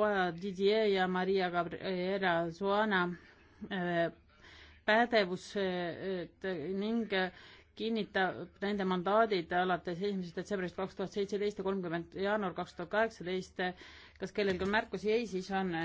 koja Didier ja Maria Gabriela Zoana äh, pädevus äh, äh, ning kinnitab nende mandaadid alates esimesest detsembrist kaks tuhat seitseteist ja kolmkümmend jaanuar kaks tuhat kaheksateist. kas kellelgi on märkusi? ei, siis on